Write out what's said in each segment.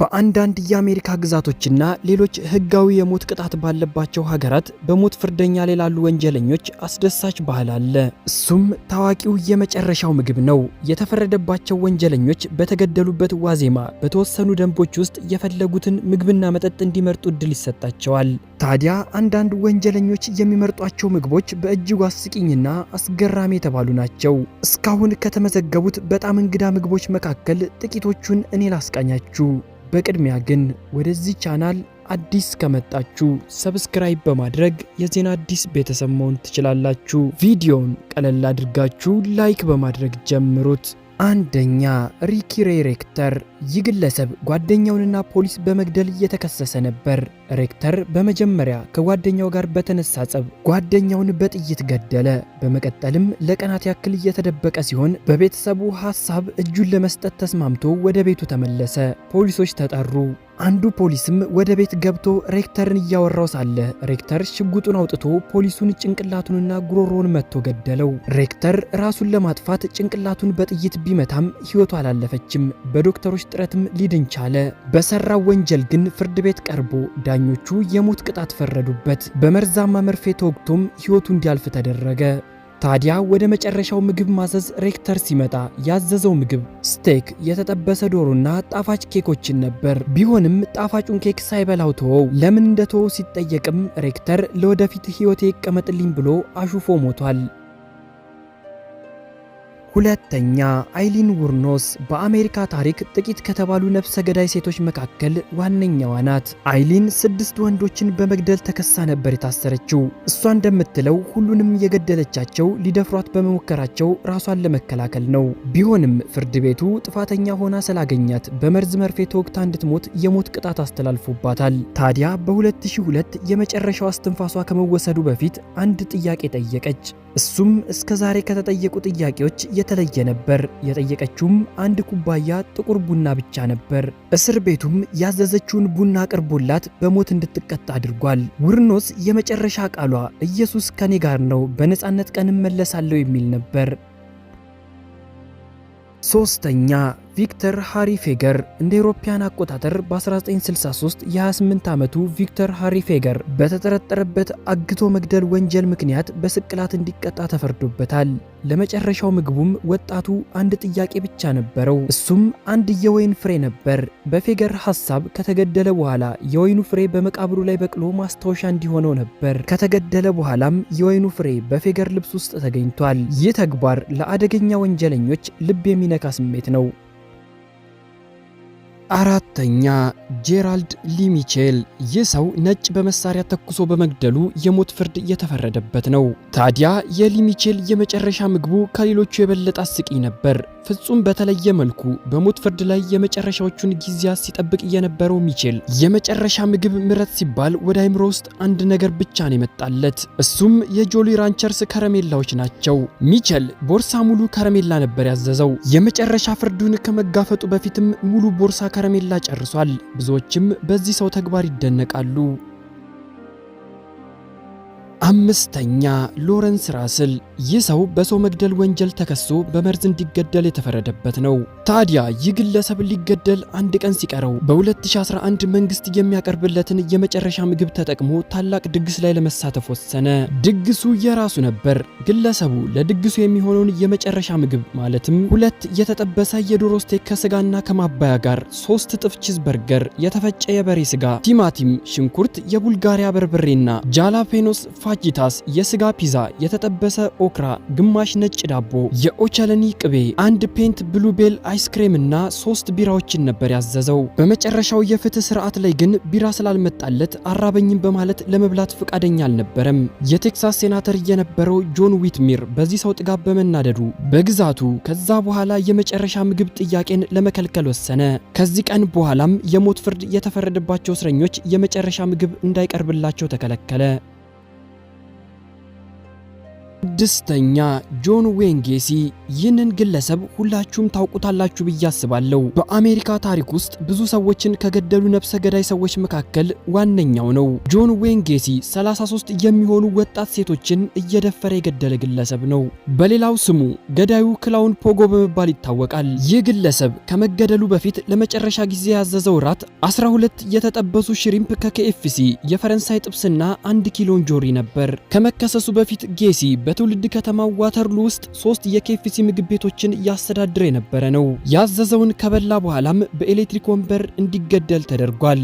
በአንዳንድ የአሜሪካ ግዛቶችና ሌሎች ሕጋዊ የሞት ቅጣት ባለባቸው ሀገራት በሞት ፍርደኛ ላይ ላሉ ወንጀለኞች አስደሳች ባህል አለ። እሱም ታዋቂው የመጨረሻው ምግብ ነው። የተፈረደባቸው ወንጀለኞች በተገደሉበት ዋዜማ በተወሰኑ ደንቦች ውስጥ የፈለጉትን ምግብና መጠጥ እንዲመርጡ እድል ይሰጣቸዋል። ታዲያ አንዳንድ ወንጀለኞች የሚመርጧቸው ምግቦች በእጅጉ አስቂኝና አስገራሚ የተባሉ ናቸው። እስካሁን ከተመዘገቡት በጣም እንግዳ ምግቦች መካከል ጥቂቶቹን እኔ ላስቃኛችሁ። በቅድሚያ ግን ወደዚህ ቻናል አዲስ ከመጣችሁ ሰብስክራይብ በማድረግ የዜና አዲስ ቤተሰብ መሆን ትችላላችሁ። ቪዲዮውን ቀለል አድርጋችሁ ላይክ በማድረግ ጀምሩት። አንደኛ ሪኪ ሬይ ሬክተር። ይህ ግለሰብ ጓደኛውንና ፖሊስ በመግደል እየተከሰሰ ነበር። ሬክተር በመጀመሪያ ከጓደኛው ጋር በተነሳ ጸብ ጓደኛውን በጥይት ገደለ። በመቀጠልም ለቀናት ያክል እየተደበቀ ሲሆን በቤተሰቡ ሐሳብ እጁን ለመስጠት ተስማምቶ ወደ ቤቱ ተመለሰ። ፖሊሶች ተጠሩ። አንዱ ፖሊስም ወደ ቤት ገብቶ ሬክተርን እያወራው ሳለ ሬክተር ሽጉጡን አውጥቶ ፖሊሱን ጭንቅላቱንና ጉሮሮውን መጥቶ ገደለው። ሬክተር ራሱን ለማጥፋት ጭንቅላቱን በጥይት ቢመታም ሕይወቱ አላለፈችም። በዶክተሮች ጥረትም ሊድን ቻለ። በሰራው ወንጀል ግን ፍርድ ቤት ቀርቦ ዳኞቹ የሞት ቅጣት ፈረዱበት። በመርዛማ መርፌ ተወግቶም ሕይወቱ እንዲያልፍ ተደረገ። ታዲያ ወደ መጨረሻው ምግብ ማዘዝ ሬክተር ሲመጣ ያዘዘው ምግብ ስቴክ፣ የተጠበሰ ዶሮና ጣፋጭ ኬኮችን ነበር። ቢሆንም ጣፋጩን ኬክ ሳይበላው ተወው። ለምን እንደተወው ሲጠየቅም ሬክተር ለወደፊት ሕይወቴ ይቀመጥልኝ ብሎ አሹፎ ሞቷል። ሁለተኛ አይሊን ውርኖስ በአሜሪካ ታሪክ ጥቂት ከተባሉ ነፍሰ ገዳይ ሴቶች መካከል ዋነኛዋ ናት። አይሊን ስድስት ወንዶችን በመግደል ተከሳ ነበር የታሰረችው። እሷ እንደምትለው ሁሉንም የገደለቻቸው ሊደፍሯት በመሞከራቸው ራሷን ለመከላከል ነው። ቢሆንም ፍርድ ቤቱ ጥፋተኛ ሆና ስላገኛት በመርዝ መርፌ ተወግታ እንድትሞት የሞት ቅጣት አስተላልፎባታል። ታዲያ በ2002 የመጨረሻው አስትንፋሷ ከመወሰዱ በፊት አንድ ጥያቄ ጠየቀች። እሱም እስከ ዛሬ ከተጠየቁ ጥያቄዎች የተለየ ነበር። የጠየቀችውም አንድ ኩባያ ጥቁር ቡና ብቻ ነበር። እስር ቤቱም ያዘዘችውን ቡና አቅርቦላት በሞት እንድትቀጣ አድርጓል። ውርኖስ የመጨረሻ ቃሏ ኢየሱስ ከኔ ጋር ነው፣ በነፃነት ቀን እመለሳለሁ የሚል ነበር። ሶስተኛ ቪክተር ሃሪ ፌገር እንደ አውሮፓውያን አቆጣጠር በ1963 የ28 ዓመቱ ቪክተር ሃሪ ፌገር በተጠረጠረበት አግቶ መግደል ወንጀል ምክንያት በስቅላት እንዲቀጣ ተፈርዶበታል። ለመጨረሻው ምግቡም ወጣቱ አንድ ጥያቄ ብቻ ነበረው፣ እሱም አንድ የወይን ፍሬ ነበር። በፌገር ሐሳብ ከተገደለ በኋላ የወይኑ ፍሬ በመቃብሩ ላይ በቅሎ ማስታወሻ እንዲሆነው ነበር። ከተገደለ በኋላም የወይኑ ፍሬ በፌገር ልብስ ውስጥ ተገኝቷል። ይህ ተግባር ለአደገኛ ወንጀለኞች ልብ የሚነካ ስሜት ነው። አራተኛ ጄራልድ ሊሚቼል። ይህ ሰው ነጭ በመሳሪያ ተኩሶ በመግደሉ የሞት ፍርድ የተፈረደበት ነው። ታዲያ የሊሚቼል የመጨረሻ ምግቡ ከሌሎቹ የበለጠ አስቂኝ ነበር። ፍጹም በተለየ መልኩ በሞት ፍርድ ላይ የመጨረሻዎቹን ጊዜያት ሲጠብቅ የነበረው ሚቼል የመጨረሻ ምግብ ምረት ሲባል ወደ አይምሮ ውስጥ አንድ ነገር ብቻ ነው የመጣለት። እሱም የጆሊ ራንቸርስ ከረሜላዎች ናቸው። ሚቼል ቦርሳ ሙሉ ከረሜላ ነበር ያዘዘው። የመጨረሻ ፍርዱን ከመጋፈጡ በፊትም ሙሉ ቦርሳ ከረሜላ ጨርሷል። ብዙዎችም በዚህ ሰው ተግባር ይደነቃሉ። አምስተኛ ሎረንስ ራስል ይህ ሰው በሰው መግደል ወንጀል ተከሶ በመርዝ እንዲገደል የተፈረደበት ነው። ታዲያ ይህ ግለሰብ ሊገደል አንድ ቀን ሲቀረው በ2011 መንግስት የሚያቀርብለትን የመጨረሻ ምግብ ተጠቅሞ ታላቅ ድግስ ላይ ለመሳተፍ ወሰነ። ድግሱ የራሱ ነበር። ግለሰቡ ለድግሱ የሚሆነውን የመጨረሻ ምግብ ማለትም ሁለት የተጠበሰ የዶሮ ስቴክ ከስጋና ከማባያ ጋር፣ ሶስት ጥፍ ቺዝ በርገር፣ የተፈጨ የበሬ ስጋ፣ ቲማቲም፣ ሽንኩርት፣ የቡልጋሪያ በርበሬና ጃላፔኖስ ፋጂታስ፣ የስጋ ፒዛ፣ የተጠበሰ ኦክራ፣ ግማሽ ነጭ ዳቦ፣ የኦቻለኒ ቅቤ፣ አንድ ፔንት ብሉቤል አይስክሬም እና ሶስት ቢራዎችን ነበር ያዘዘው። በመጨረሻው የፍትህ ስርዓት ላይ ግን ቢራ ስላልመጣለት አራበኝም በማለት ለመብላት ፈቃደኛ አልነበረም። የቴክሳስ ሴናተር የነበረው ጆን ዊትሚር በዚህ ሰው ጥጋብ በመናደዱ በግዛቱ ከዛ በኋላ የመጨረሻ ምግብ ጥያቄን ለመከልከል ወሰነ። ከዚህ ቀን በኋላም የሞት ፍርድ የተፈረደባቸው እስረኞች የመጨረሻ ምግብ እንዳይቀርብላቸው ተከለከለ። ድስተኛ ጆን ዌንጌሲ ጌሲ። ይህንን ግለሰብ ሁላችሁም ታውቁታላችሁ ብዬ አስባለሁ። በአሜሪካ ታሪክ ውስጥ ብዙ ሰዎችን ከገደሉ ነፍሰ ገዳይ ሰዎች መካከል ዋነኛው ነው። ጆን ዌይን ጌሲ 33 የሚሆኑ ወጣት ሴቶችን እየደፈረ የገደለ ግለሰብ ነው። በሌላው ስሙ ገዳዩ ክላውን ፖጎ በመባል ይታወቃል። ይህ ግለሰብ ከመገደሉ በፊት ለመጨረሻ ጊዜ ያዘዘው ራት 12 የተጠበሱ ሽሪምፕ ከኬኤፍሲ የፈረንሳይ ጥብስና አንድ ኪሎ እንጆሪ ነበር። ከመከሰሱ በፊት ጌሲ በትውልድ ከተማው ዋተርሉ ውስጥ ሶስት የኬፍሲ ምግብ ቤቶችን ያስተዳድር የነበረ ነው። ያዘዘውን ከበላ በኋላም በኤሌክትሪክ ወንበር እንዲገደል ተደርጓል።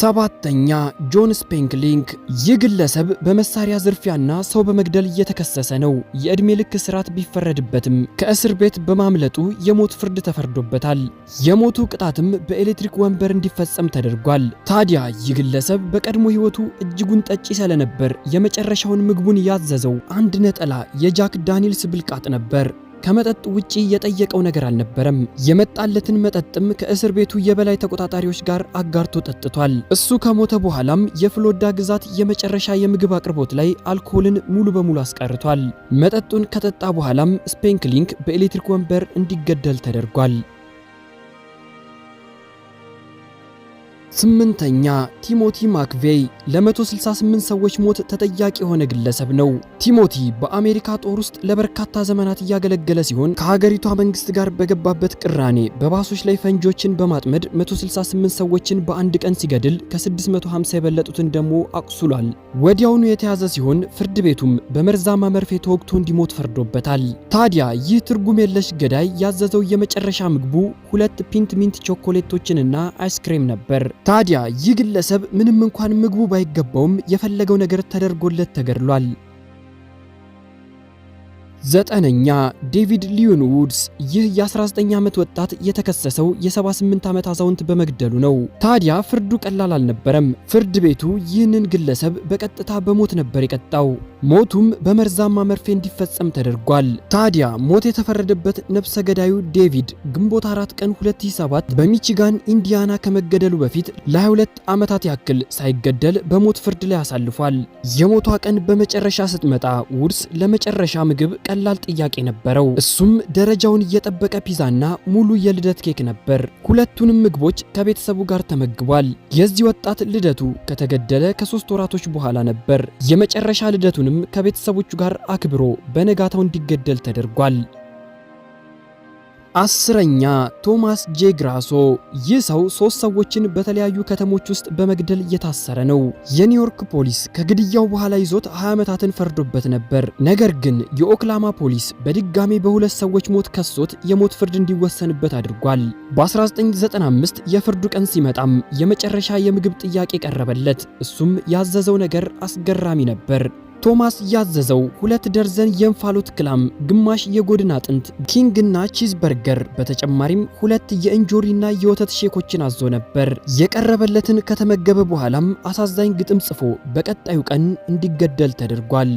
ሰባተኛ ጆን ስፔንግሊንግ ይህ ግለሰብ በመሳሪያ ዝርፊያና ሰው በመግደል እየተከሰሰ ነው። የዕድሜ ልክ እስራት ቢፈረድበትም ከእስር ቤት በማምለጡ የሞት ፍርድ ተፈርዶበታል። የሞቱ ቅጣትም በኤሌክትሪክ ወንበር እንዲፈጸም ተደርጓል። ታዲያ ይህ ግለሰብ በቀድሞ ሕይወቱ እጅጉን ጠጪ ስለነበር የመጨረሻውን ምግቡን ያዘዘው አንድ ነጠላ የጃክ ዳኒልስ ብልቃጥ ነበር። ከመጠጥ ውጪ የጠየቀው ነገር አልነበረም። የመጣለትን መጠጥም ከእስር ቤቱ የበላይ ተቆጣጣሪዎች ጋር አጋርቶ ጠጥቷል። እሱ ከሞተ በኋላም የፍሎዳ ግዛት የመጨረሻ የምግብ አቅርቦት ላይ አልኮልን ሙሉ በሙሉ አስቀርቷል። መጠጡን ከጠጣ በኋላም ስፔንክሊንክ በኤሌክትሪክ ወንበር እንዲገደል ተደርጓል። ስምንተኛ ቲሞቲ ማክቬይ ለ168 ሰዎች ሞት ተጠያቂ የሆነ ግለሰብ ነው። ቲሞቲ በአሜሪካ ጦር ውስጥ ለበርካታ ዘመናት እያገለገለ ሲሆን ከሀገሪቷ መንግስት ጋር በገባበት ቅራኔ በባሶች ላይ ፈንጆችን በማጥመድ 168 ሰዎችን በአንድ ቀን ሲገድል ከ650 የበለጡትን ደግሞ አቁስሏል። ወዲያውኑ የተያዘ ሲሆን ፍርድ ቤቱም በመርዛማ መርፌ ተወግቶ እንዲሞት ፈርዶበታል። ታዲያ ይህ ትርጉም የለሽ ገዳይ ያዘዘው የመጨረሻ ምግቡ ሁለት ፒንት ሚንት ቾኮሌቶችንና አይስክሬም ነበር። ታዲያ ይህ ግለሰብ ምንም እንኳን ምግቡ ባይገባውም የፈለገው ነገር ተደርጎለት ተገድሏል። ዘጠነኛ ዴቪድ ሊዮን ውድስ። ይህ የ19 ዓመት ወጣት የተከሰሰው የ78 ዓመት አዛውንት በመግደሉ ነው። ታዲያ ፍርዱ ቀላል አልነበረም። ፍርድ ቤቱ ይህንን ግለሰብ በቀጥታ በሞት ነበር የቀጣው። ሞቱም በመርዛማ መርፌ እንዲፈጸም ተደርጓል። ታዲያ ሞት የተፈረደበት ነፍሰ ገዳዩ ዴቪድ ግንቦት 4 ቀን 2007 በሚቺጋን ኢንዲያና ከመገደሉ በፊት ለ22 ዓመታት ያክል ሳይገደል በሞት ፍርድ ላይ አሳልፏል። የሞቷ ቀን በመጨረሻ ስትመጣ ውርስ ለመጨረሻ ምግብ ቀላል ጥያቄ ነበረው። እሱም ደረጃውን እየጠበቀ ፒዛና ሙሉ የልደት ኬክ ነበር። ሁለቱንም ምግቦች ከቤተሰቡ ጋር ተመግቧል። የዚህ ወጣት ልደቱ ከተገደለ ከሶስት ወራቶች በኋላ ነበር። የመጨረሻ ልደቱ መቃብሩንም ከቤተሰቦቹ ጋር አክብሮ በነጋታው እንዲገደል ተደርጓል። አስረኛ ቶማስ ጄ ግራሶ። ይህ ሰው ሶስት ሰዎችን በተለያዩ ከተሞች ውስጥ በመግደል እየታሰረ ነው። የኒውዮርክ ፖሊስ ከግድያው በኋላ ይዞት 20 ዓመታትን ፈርዶበት ነበር። ነገር ግን የኦክላማ ፖሊስ በድጋሜ በሁለት ሰዎች ሞት ከሶት የሞት ፍርድ እንዲወሰንበት አድርጓል። በ1995 የፍርዱ ቀን ሲመጣም የመጨረሻ የምግብ ጥያቄ ቀረበለት። እሱም ያዘዘው ነገር አስገራሚ ነበር። ቶማስ ያዘዘው ሁለት ደርዘን የእንፋሎት ክላም፣ ግማሽ የጎድን አጥንት፣ ኪንግና ቺዝ በርገር በተጨማሪም ሁለት የእንጆሪና የወተት ሼኮችን አዞ ነበር። የቀረበለትን ከተመገበ በኋላም አሳዛኝ ግጥም ጽፎ በቀጣዩ ቀን እንዲገደል ተደርጓል።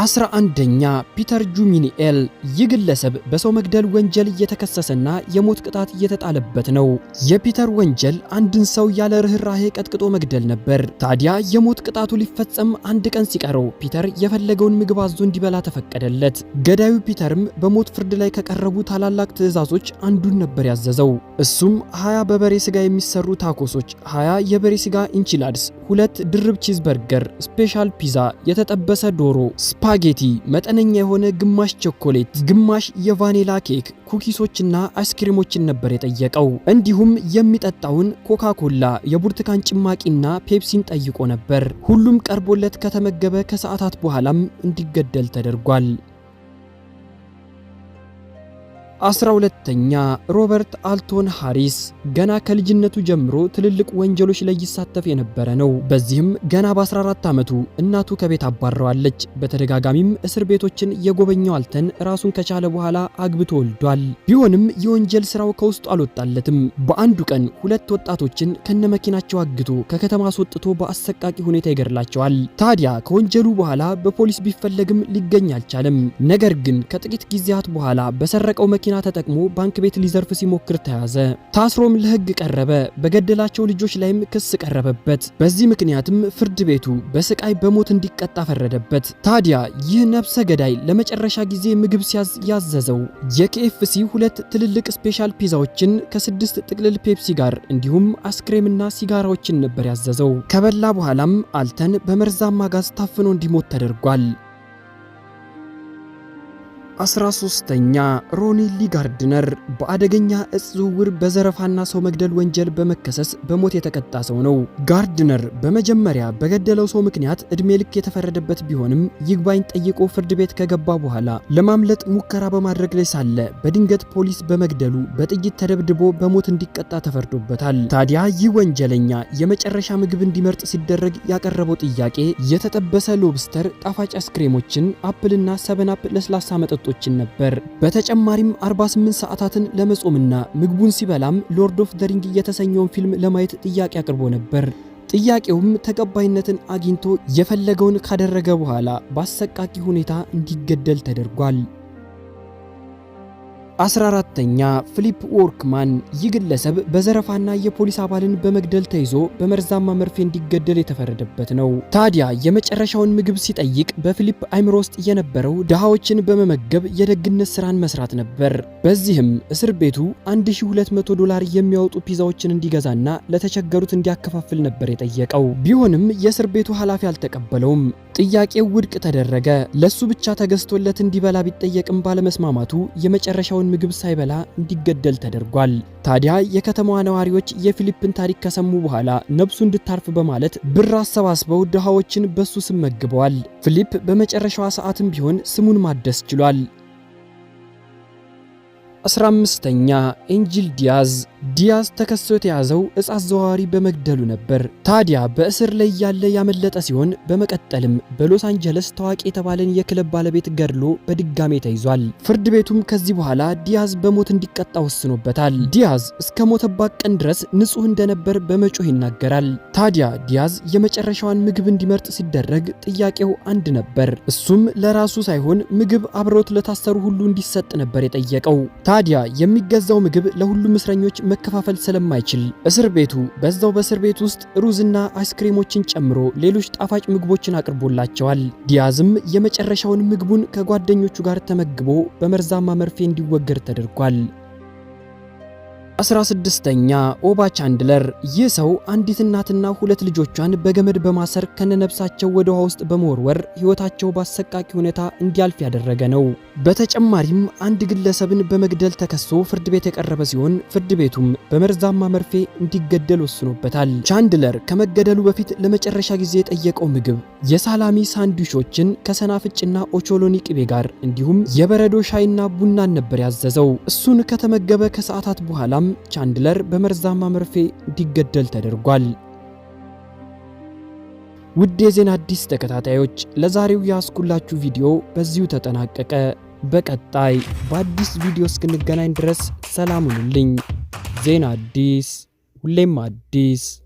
አስራ አንደኛ ፒተር ጁሚኒኤል ይህ ግለሰብ በሰው መግደል ወንጀል እየተከሰሰና የሞት ቅጣት እየተጣለበት ነው። የፒተር ወንጀል አንድን ሰው ያለ ርኅራሄ ቀጥቅጦ መግደል ነበር። ታዲያ የሞት ቅጣቱ ሊፈጸም አንድ ቀን ሲቀረው ፒተር የፈለገውን ምግብ አዞ እንዲበላ ተፈቀደለት። ገዳዩ ፒተርም በሞት ፍርድ ላይ ከቀረቡ ታላላቅ ትዕዛዞች አንዱን ነበር ያዘዘው። እሱም ሀያ በበሬ ስጋ የሚሰሩ ታኮሶች፣ ሀያ የበሬ ስጋ ኢንቺላድስ፣ ሁለት ድርብ ቺዝበርገር፣ ስፔሻል ፒዛ፣ የተጠበሰ ዶሮ ስፓጌቲ፣ መጠነኛ የሆነ ግማሽ ቸኮሌት ግማሽ የቫኔላ ኬክ፣ ኩኪሶችና አይስክሪሞችን ነበር የጠየቀው። እንዲሁም የሚጠጣውን ኮካ ኮላ፣ የቡርቱካን ጭማቂና ፔፕሲን ጠይቆ ነበር። ሁሉም ቀርቦለት ከተመገበ ከሰዓታት በኋላም እንዲገደል ተደርጓል። አስራ ሁለተኛ ሮበርት አልቶን ሃሪስ ገና ከልጅነቱ ጀምሮ ትልልቅ ወንጀሎች ላይ ይሳተፍ የነበረ ነው። በዚህም ገና በ14 ዓመቱ እናቱ ከቤት አባረዋለች። በተደጋጋሚም እስር ቤቶችን የጎበኘው አልተን ራሱን ከቻለ በኋላ አግብቶ ወልዷል። ቢሆንም የወንጀል ስራው ከውስጡ አልወጣለትም። በአንዱ ቀን ሁለት ወጣቶችን ከነመኪናቸው አግቶ ከከተማ አስወጥቶ በአሰቃቂ ሁኔታ ይገድላቸዋል። ታዲያ ከወንጀሉ በኋላ በፖሊስ ቢፈለግም ሊገኝ አልቻለም። ነገር ግን ከጥቂት ጊዜያት በኋላ በሰረቀው መኪና መኪና ተጠቅሞ ባንክ ቤት ሊዘርፍ ሲሞክር ተያዘ። ታስሮም ለህግ ቀረበ። በገደላቸው ልጆች ላይም ክስ ቀረበበት። በዚህ ምክንያትም ፍርድ ቤቱ በስቃይ በሞት እንዲቀጣ ፈረደበት። ታዲያ ይህ ነፍሰ ገዳይ ለመጨረሻ ጊዜ ምግብ ሲያዝ ያዘዘው የኬኤፍሲ ሁለት ትልልቅ ስፔሻል ፒዛዎችን ከስድስት ጥቅልል ፔፕሲ ጋር እንዲሁም አስክሬምና ሲጋራዎችን ነበር ያዘዘው። ከበላ በኋላም አልተን በመርዛማ ጋዝ ታፍኖ እንዲሞት ተደርጓል። 13ኛ ሮኒሊ ጋርድነር በአደገኛ እጽ ዝውውር በዘረፋና ሰው መግደል ወንጀል በመከሰስ በሞት የተቀጣ ሰው ነው። ጋርድነር በመጀመሪያ በገደለው ሰው ምክንያት እድሜ ልክ የተፈረደበት ቢሆንም ይግባኝ ጠይቆ ፍርድ ቤት ከገባ በኋላ ለማምለጥ ሙከራ በማድረግ ላይ ሳለ በድንገት ፖሊስ በመግደሉ በጥይት ተደብድቦ በሞት እንዲቀጣ ተፈርዶበታል። ታዲያ ይህ ወንጀለኛ የመጨረሻ ምግብ እንዲመርጥ ሲደረግ ያቀረበው ጥያቄ የተጠበሰ ሎብስተር፣ ጣፋጭ አስክሬሞችን፣ አፕልና አፕ ለስላሳ መጠጡ እያስቆጦችን ነበር። በተጨማሪም 48 ሰዓታትን ለመጾምና ምግቡን ሲበላም ሎርድ ኦፍ ዘ ሪንግ የተሰኘውን ፊልም ለማየት ጥያቄ አቅርቦ ነበር። ጥያቄውም ተቀባይነትን አግኝቶ የፈለገውን ካደረገ በኋላ በአሰቃቂ ሁኔታ እንዲገደል ተደርጓል። 14ተኛ ፊሊፕ ዎርክማን ይህ ግለሰብ በዘረፋና የፖሊስ አባልን በመግደል ተይዞ በመርዛማ መርፌ እንዲገደል የተፈረደበት ነው። ታዲያ የመጨረሻውን ምግብ ሲጠይቅ በፊሊፕ አይምሮ ውስጥ የነበረው ድሃዎችን በመመገብ የደግነት ስራን መስራት ነበር። በዚህም እስር ቤቱ 1200 ዶላር የሚያወጡ ፒዛዎችን እንዲገዛና ለተቸገሩት እንዲያከፋፍል ነበር የጠየቀው። ቢሆንም የእስር ቤቱ ኃላፊ አልተቀበለውም። ጥያቄው ውድቅ ተደረገ። ለሱ ብቻ ተገዝቶለት እንዲበላ ቢጠየቅም ባለመስማማቱ የመጨረሻውን ምግብ ሳይበላ እንዲገደል ተደርጓል። ታዲያ የከተማዋ ነዋሪዎች የፊሊፕን ታሪክ ከሰሙ በኋላ ነብሱ እንድታርፍ በማለት ብር አሰባስበው ድሃዎችን በሱ ስም መግበዋል። ፊሊፕ በመጨረሻዋ ሰዓትም ቢሆን ስሙን ማደስ ችሏል። 15ኛ ኤንጂል ዲያዝ ዲያዝ ተከሶ የተያዘው እጽ አዘዋዋሪ በመግደሉ ነበር። ታዲያ በእስር ላይ ያለ ያመለጠ ሲሆን በመቀጠልም በሎስ አንጀለስ ታዋቂ የተባለን የክለብ ባለቤት ገድሎ በድጋሜ ተይዟል። ፍርድ ቤቱም ከዚህ በኋላ ዲያዝ በሞት እንዲቀጣ ወስኖበታል። ዲያዝ እስከ ሞተባት ቀን ድረስ ንጹህ እንደነበር በመጮህ ይናገራል። ታዲያ ዲያዝ የመጨረሻዋን ምግብ እንዲመርጥ ሲደረግ ጥያቄው አንድ ነበር። እሱም ለራሱ ሳይሆን ምግብ አብረውት ለታሰሩ ሁሉ እንዲሰጥ ነበር የጠየቀው። ታዲያ የሚገዛው ምግብ ለሁሉም እስረኞች መከፋፈል ስለማይችል እስር ቤቱ በዛው በእስር ቤት ውስጥ ሩዝና አይስክሪሞችን ጨምሮ ሌሎች ጣፋጭ ምግቦችን አቅርቦላቸዋል። ዲያዝም የመጨረሻውን ምግቡን ከጓደኞቹ ጋር ተመግቦ በመርዛማ መርፌ እንዲወገድ ተደርጓል። 16ኛ ኦባ ቻንድለር። ይህ ሰው አንዲት እናትና ሁለት ልጆቿን በገመድ በማሰር ከነነብሳቸው ወደ ውሃ ውስጥ በመወርወር ሕይወታቸው በአሰቃቂ ሁኔታ እንዲያልፍ ያደረገ ነው። በተጨማሪም አንድ ግለሰብን በመግደል ተከሶ ፍርድ ቤት የቀረበ ሲሆን ፍርድ ቤቱም በመርዛማ መርፌ እንዲገደል ወስኖበታል። ቻንድለር ከመገደሉ በፊት ለመጨረሻ ጊዜ የጠየቀው ምግብ የሳላሚ ሳንዱሾችን ከሰናፍጭና ኦቾሎኒ ቅቤ ጋር እንዲሁም የበረዶ ሻይና ቡናን ነበር ያዘዘው። እሱን ከተመገበ ከሰዓታት በኋላ በኋላም ቻንድለር በመርዛማ መርፌ እንዲገደል ተደርጓል። ውድ የዜና አዲስ ተከታታዮች ለዛሬው ያስኩላችሁ ቪዲዮ በዚሁ ተጠናቀቀ። በቀጣይ በአዲስ ቪዲዮ እስክንገናኝ ድረስ ሰላም ሁኑልኝ። ዜና አዲስ ሁሌም አዲስ